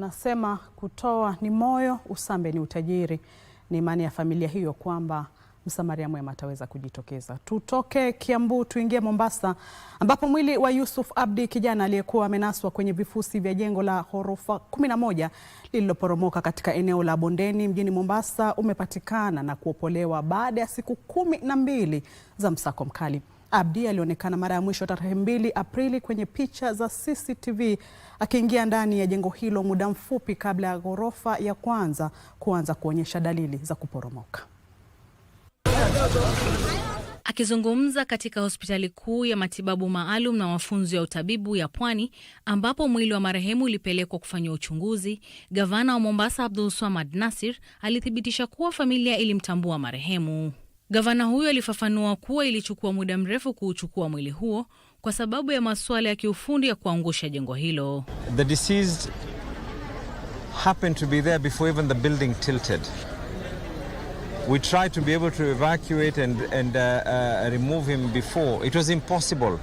wanasema kutoa ni moyo, usambe ni utajiri. Ni imani ya familia hiyo kwamba msamaria mwema ataweza kujitokeza. Tutoke Kiambu tuingie Mombasa, ambapo mwili wa Yusuf Abdi, kijana aliyekuwa amenaswa kwenye vifusi vya jengo la ghorofa 11 lililoporomoka katika eneo la Bondeni mjini Mombasa, umepatikana na kuopolewa baada ya siku kumi na mbili za msako mkali. Abdi alionekana mara ya mwisho tarehe mbili Aprili kwenye picha za CCTV akiingia ndani ya jengo hilo muda mfupi kabla ya ghorofa ya kwanza kuanza kuonyesha dalili za kuporomoka. Akizungumza katika hospitali kuu ya matibabu maalum na mafunzo ya utabibu ya Pwani ambapo mwili wa marehemu ulipelekwa kufanyiwa uchunguzi, gavana wa Mombasa Abdul Swamad Nasir alithibitisha kuwa familia ilimtambua marehemu. Gavana huyo alifafanua kuwa ilichukua muda mrefu kuuchukua mwili huo kwa sababu ya masuala ya kiufundi ya kuangusha jengo hilo. The deceased happened to be there before even the building tilted. We tried to be able to evacuate and, and uh, uh, remove him before. It was impossible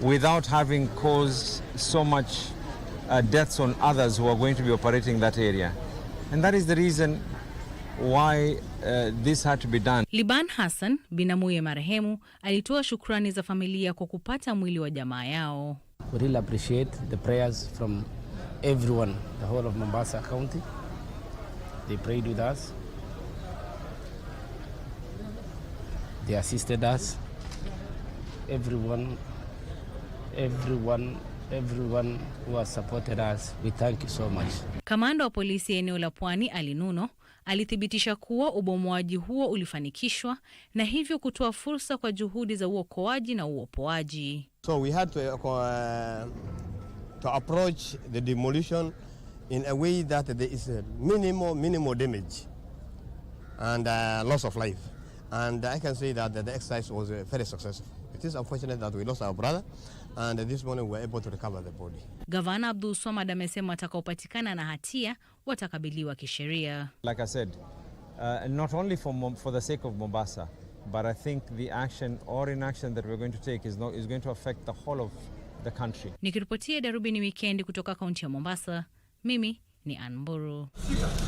without having caused so much uh, deaths on others who are going to be operating that area. And that is the reason why, uh, this had to be done. Liban Hassan binamuye marehemu alitoa shukrani za familia kwa kupata mwili wa jamaa yao. We really appreciate the prayers from everyone, the whole of Mombasa County. They prayed with us. They assisted us. Everyone, everyone, everyone who has supported us. We thank you so much. Kamanda wa polisi eneo la Pwani Alinuno alithibitisha kuwa ubomoaji huo ulifanikishwa na hivyo kutoa fursa kwa juhudi za uokoaji na uopoaji. So we had to, uh, uh, to approach the demolition in a way that there is a minimal, minimal damage and uh, loss of life. And I can say that the exercise was uh, very successful. It is unfortunate that we lost our brother and this morning we were able to recover the body. Gavana Abdul Swamad amesema watakaopatikana na hatia watakabiliwa kisheria. Like I said, uh, not only for, for the sake of Mombasa, but I think the action or inaction that we're going to take is, not, is going to affect the whole of the country. Nikiripotia Darubini Weekend kutoka kaunti ya Mombasa, mimi ni Anburu. Mburu.